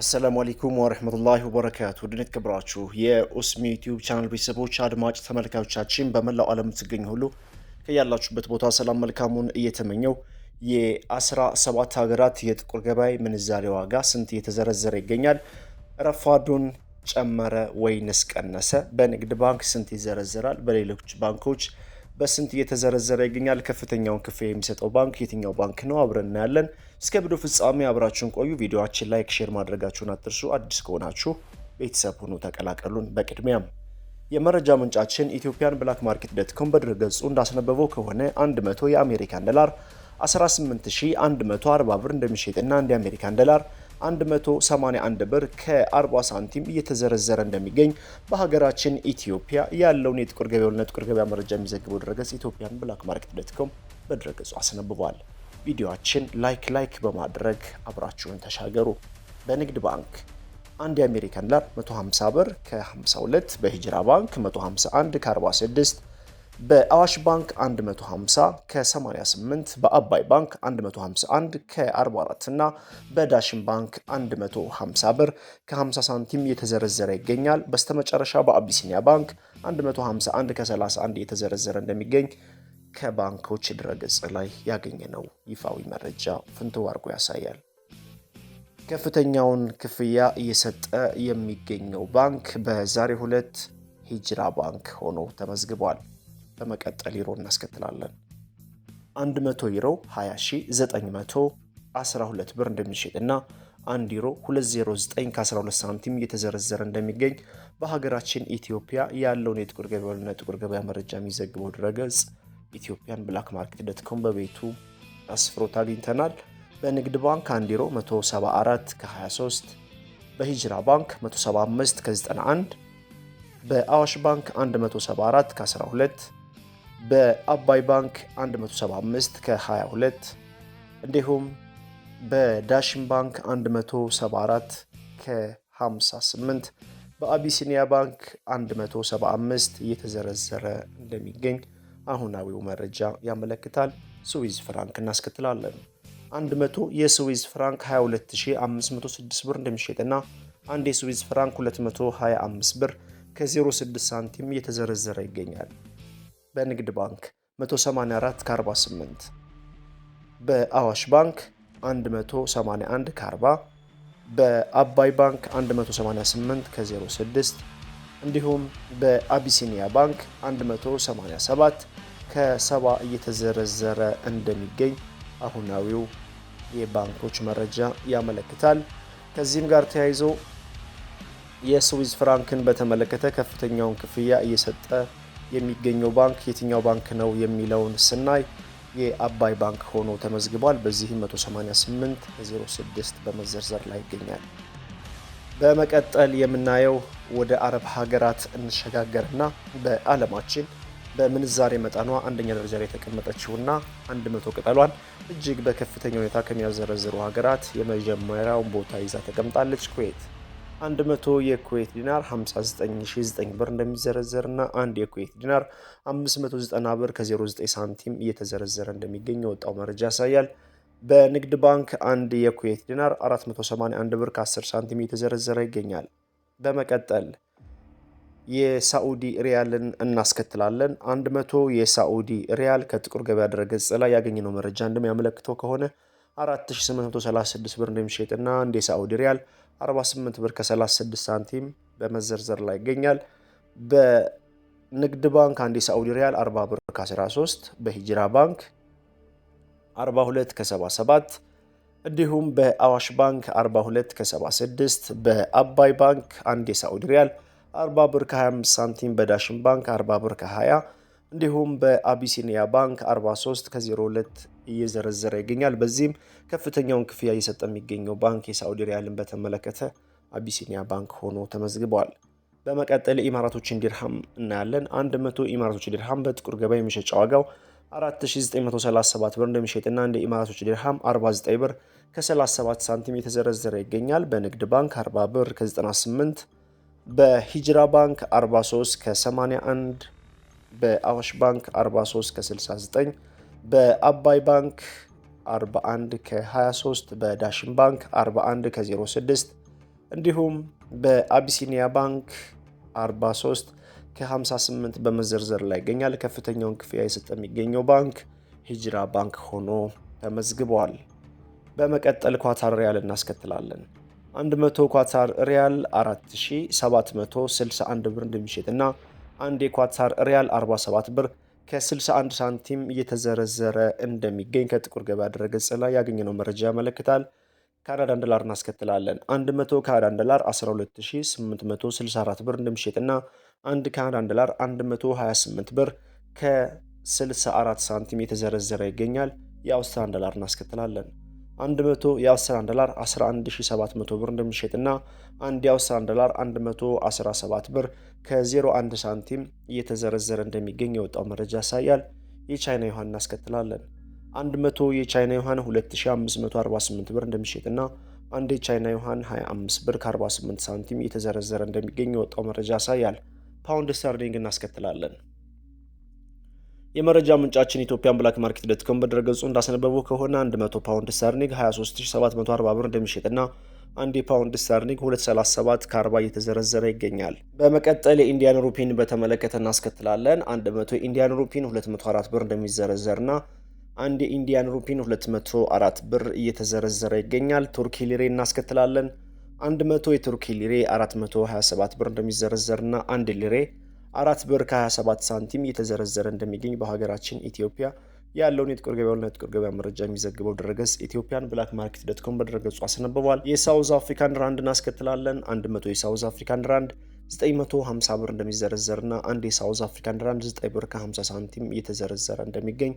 አሰላሙ አለይኩም ወረህመቱላሂ ወበረካቱ። ድን የተከበራችሁ የኡስሚ ዩቲዩብ ቻናል ቤተሰቦች አድማጭ ተመልካቾቻችን በመላው ዓለም ትገኙ ሁሉ ከያላችሁበት ቦታ ሰላም መልካሙን እየተመኘው የአስራ ሰባት ሀገራት የጥቁር ገበያ ምንዛሬ ዋጋ ስንት እየተዘረዘረ ይገኛል? ረፋዱን ጨመረ ወይንስ ቀነሰ? በንግድ ባንክ ስንት ይዘረዘራል? በሌሎች ባንኮች በስንት እየተዘረዘረ ይገኛል። ከፍተኛውን ክፍያ የሚሰጠው ባንክ የትኛው ባንክ ነው? አብረን እናያለን። እስከ ቪዲዮ ፍጻሜ አብራችሁን ቆዩ። ቪዲዮችን ላይክ፣ ሼር ማድረጋችሁን አትርሱ። አዲስ ከሆናችሁ ቤተሰብ ሁኑ፣ ተቀላቀሉን። በቅድሚያም የመረጃ ምንጫችን ኢትዮጵያን ብላክ ማርኬት ዶት ኮም እንዳስነበበው ከሆነ 100 የአሜሪካን ዶላር 18140 ብር እንደሚሸጥና አንድ የአሜሪካን ዶላር 181 ብር ከ40 ሳንቲም እየተዘረዘረ እንደሚገኝ በሀገራችን ኢትዮጵያ ያለውን የጥቁር ገበያውና የጥቁር ገበያ መረጃ የሚዘግበው ድረገጽ ኢትዮጵያን ብላክ ማርኬት ዶት ኮም በድረገጹ አስነብቧል። ቪዲዮችን ላይክ ላይክ በማድረግ አብራችሁን ተሻገሩ። በንግድ ባንክ አንድ የአሜሪካን ዶላር 150 ብር ከ52 በሂጅራ ባንክ 151 ከ46 በአዋሽ ባንክ 150 ከ88 በአባይ ባንክ 151 ከ44 እና በዳሽን ባንክ 150 ብር ከ50 ሳንቲም እየተዘረዘረ ይገኛል። በስተመጨረሻ በአቢሲኒያ ባንክ 151 ከ31 እየተዘረዘረ እንደሚገኝ ከባንኮች ድረገጽ ላይ ያገኘነው ይፋዊ መረጃ ፍንትው አድርጎ ያሳያል። ከፍተኛውን ክፍያ እየሰጠ የሚገኘው ባንክ በዛሬው ዕለት ሂጅራ ባንክ ሆኖ ተመዝግቧል። በመቀጠል ዩሮ እናስከትላለን። 100 ዩሮ 20900 ብር እንደሚሸጥ እና 1 ዩሮ 209 ከ12 ሳንቲም እየተዘረዘረ እንደሚገኝ በሀገራችን ኢትዮጵያ ያለውን የጥቁር ገበያና ጥቁር ገበያ መረጃ የሚዘግበው ድረገጽ ኢትዮጵያን ብላክ ማርኬት ዶትኮም በቤቱ አስፍሮት አግኝተናል። በንግድ ባንክ 1 ዩሮ 174 ከ23 በሂጅራ ባንክ 175 ከ91 በአዋሽ ባንክ 174 ከ12 በአባይ ባንክ 175 ከ22 እንዲሁም በዳሽን ባንክ 174 ከ58 በአቢሲኒያ ባንክ 175 እየተዘረዘረ እንደሚገኝ አሁናዊው መረጃ ያመለክታል። ስዊዝ ፍራንክ እናስከትላለን። 100 የስዊዝ ፍራንክ 22506 ብር እንደሚሸጥና አንድ የስዊዝ ፍራንክ 225 ብር ከ06 ሳንቲም እየተዘረዘረ ይገኛል። በንግድ ባንክ 184 ከ48 በአዋሽ ባንክ 181 ከ40 በአባይ ባንክ 188 ከ06 እንዲሁም በአቢሲኒያ ባንክ 187 ከሰባ እየተዘረዘረ እንደሚገኝ አሁናዊው የባንኮች መረጃ ያመለክታል። ከዚህም ጋር ተያይዞ የስዊዝ ፍራንክን በተመለከተ ከፍተኛውን ክፍያ እየሰጠ የሚገኘው ባንክ የትኛው ባንክ ነው የሚለውን ስናይ የአባይ ባንክ ሆኖ ተመዝግቧል። በዚህም 188 06 በመዘርዘር ላይ ይገኛል። በመቀጠል የምናየው ወደ አረብ ሀገራት እንሸጋገርና በዓለማችን በምንዛሬ መጠኗ አንደኛ ደረጃ ላይ የተቀመጠችውና 100 ቅጠሏን እጅግ በከፍተኛ ሁኔታ ከሚያዘረዝሩ ሀገራት የመጀመሪያውን ቦታ ይዛ ተቀምጣለች ኩዌት 100 የኩዌት ዲናር 59009 ብር እንደሚዘረዘርና አንድ የኩዌት ዲናር 590 ብር ከ09 ሳንቲም እየተዘረዘረ እንደሚገኝ የወጣው መረጃ ያሳያል። በንግድ ባንክ አንድ የኩዌት ዲናር 481 ብር ከ10 ሳንቲም እየተዘረዘረ ይገኛል። በመቀጠል የሳዑዲ ሪያልን እናስከትላለን። 100 የሳዑዲ ሪያል ከጥቁር ገበያ ድረገጽ ላይ ያገኘነው መረጃ እንደሚያመለክተው ከሆነ 4836 ብር እንደሚሸጥና እንደ ሳዑዲ ሪያል 48 ብር ከ36 ሳንቲም በመዘርዘር ላይ ይገኛል። በንግድ ባንክ አንድ የሳዑዲ ሪያል 40 ብር ከ13 በሂጅራ ባንክ 42 ከ77 እንዲሁም በአዋሽ ባንክ 42 ከ76 በአባይ ባንክ አንድ የሳዑዲ ሪያል 40 ብር ከ25 ሳንቲም በዳሽን ባንክ 40 ብር ከ20 እንዲሁም በአቢሲኒያ ባንክ 43 ከ02 እየዘረዘረ ይገኛል። በዚህም ከፍተኛውን ክፍያ እየሰጠ የሚገኘው ባንክ የሳዑዲ ሪያልን በተመለከተ አቢሲኒያ ባንክ ሆኖ ተመዝግበዋል። በመቀጠል ኢማራቶችን ዲርሃም እናያለን። 100 ኢማራቶች ዲርሃም በጥቁር ገበያ የመሸጫ ዋጋው 4937 ብር እንደሚሸጥና እንደ ኢማራቶች ዲርሃም 49 ብር ከ37 ሳንቲም የተዘረዘረ ይገኛል። በንግድ ባንክ 40 ብር ከ98 በሂጅራ ባንክ 43 ከ81 በአዋሽ ባንክ 43 ከ69 በአባይ ባንክ 41 ከ23 በዳሽን ባንክ 41 ከ06 እንዲሁም በአቢሲኒያ ባንክ 43 ከ58 በመዘርዘር ላይ ይገኛል። ከፍተኛውን ክፍያ የሰጠ የሚገኘው ባንክ ሂጅራ ባንክ ሆኖ ተመዝግቧል። በመቀጠል ኳታር ሪያል እናስከትላለን። 100 ኳታር ሪያል 4761 ብር እንደሚሸጥ እና አንድ የኳታር ሪያል 47 ብር ከ61 ሳንቲም እየተዘረዘረ እንደሚገኝ ከጥቁር ገበያ ድረገጽ ላይ ያገኘነው መረጃ ያመለክታል። ካናዳን ዶላር እናስከትላለን። 100 ካናዳን ዶላር 12864 ብር እንደሚሸጥና አንድ ካናዳን ዶላር 128 ብር ከ64 ሳንቲም የተዘረዘረ ይገኛል። የአውስትራን ዶላር እናስከትላለን። 100 የአውስትራሊያን ዶላር 11700 ብር እንደሚሸጥና አንድ የአውስትራሊያን ዶላር 117 ብር ከ01 ሳንቲም እየተዘረዘረ እንደሚገኝ የወጣው መረጃ ያሳያል። የቻይና ዩሃን እናስከትላለን። 100 የቻይና ዩሃን 2548 ብር እንደሚሸጥና አንድ የቻይና ዩሃን 25 ብር ከ48 ሳንቲም እየተዘረዘረ እንደሚገኝ የወጣው መረጃ ያሳያል። ፓውንድ ስተርሊንግ እናስከትላለን። የመረጃ ምንጫችን ኢትዮጵያን ብላክ ማርኬት ዶት ኮም በድረገጹ እንዳስነበበው ከሆነ 100 ፓውንድ ስተርሊንግ 23740 ብር እንደሚሸጥና አንድ የፓውንድ ስተርሊንግ 237 ከ40 እየተዘረዘረ ይገኛል። በመቀጠል የኢንዲያን ሩፒን በተመለከተ እናስከትላለን። 100 የኢንዲያን ሩፒን 204 ብር እንደሚዘረዘርና አንድ የኢንዲያን ሩፒን 204 ብር እየተዘረዘረ ይገኛል። ቱርኪ ሊሬ እናስከትላለን። 100 የቱርኪ ሊሬ 427 ብር እንደሚዘረዘርና አንድ ሊሬ አራት ብር ከ27 ሳንቲም እየተዘረዘረ እንደሚገኝ በሀገራችን ኢትዮጵያ ያለውን የጥቁር ገበያና የጥቁር ገበያ መረጃ የሚዘግበው ድረገጽ ኢትዮጵያን ብላክ ማርኬት ዶትኮም በድረገጹ አስነብቧል። የሳውዝ አፍሪካን ራንድ እናስከትላለን። 100 የሳውዝ አፍሪካን ራንድ 950 ብር እንደሚዘረዘርና አንድ የሳውዝ አፍሪካን ራንድ 9 ብር ከ50 ሳንቲም እየተዘረዘረ እንደሚገኝ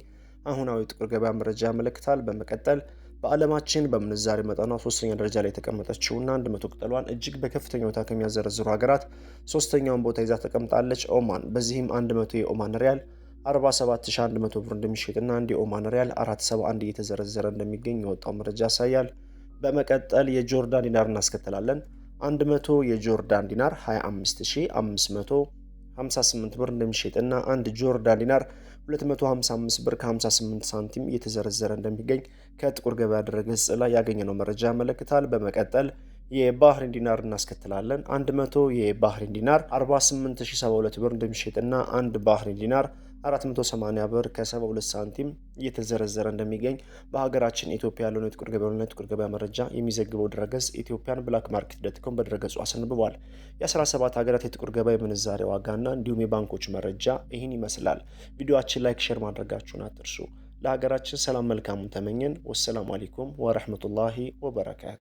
አሁናዊ የጥቁር ገበያ መረጃ ያመለክታል። በመቀጠል በዓለማችን በምንዛሬ መጠኗ ሶስተኛ ደረጃ ላይ የተቀመጠችውና አንድ መቶ ቅጠሏን እጅግ በከፍተኛ ሁኔታ ከሚያዘረዝሩ ሀገራት ሶስተኛውን ቦታ ይዛ ተቀምጣለች ኦማን። በዚህም 100 የኦማን ሪያል 47100 ብር እንደሚሸጥና አንድ የኦማን ሪያል 471 እየተዘረዘረ እንደሚገኝ የወጣው መረጃ ያሳያል። በመቀጠል የጆርዳን ዲናር እናስከትላለን። 100 የጆርዳን ዲናር 25500 58 ብር እንደሚሸጥ እና አንድ ጆርዳን ዲናር 255 ብር ከ58 ሳንቲም እየተዘረዘረ እንደሚገኝ ከጥቁር ገበያ ድረገጽ ላይ ያገኘነው መረጃ ያመለክታል። በመቀጠል የባህሪን ዲናር እናስከትላለን። 100 የባህሪን ዲናር 48072 ብር እንደሚሸጥ እና አንድ ባህሪን ዲናር 480 ብር ከ72 ሳንቲም እየተዘረዘረ እንደሚገኝ በሀገራችን ኢትዮጵያ ያለውን የጥቁር ገበያና የጥቁር ገበያ መረጃ የሚዘግበው ድረገጽ ኢትዮጵያን ብላክ ማርኬት ዶትኮም በድረገጹ አስነብቧል። የ17 ሀገራት የጥቁር ገበያ የምንዛሬ ዋጋና እንዲሁም የባንኮች መረጃ ይህን ይመስላል። ቪዲዮችን ላይክ፣ ሼር ማድረጋችሁን አትርሱ። ለሀገራችን ሰላም መልካሙን ተመኘን። ወሰላሙ አሌይኩም ወረህመቱላሂ ወበረካቱ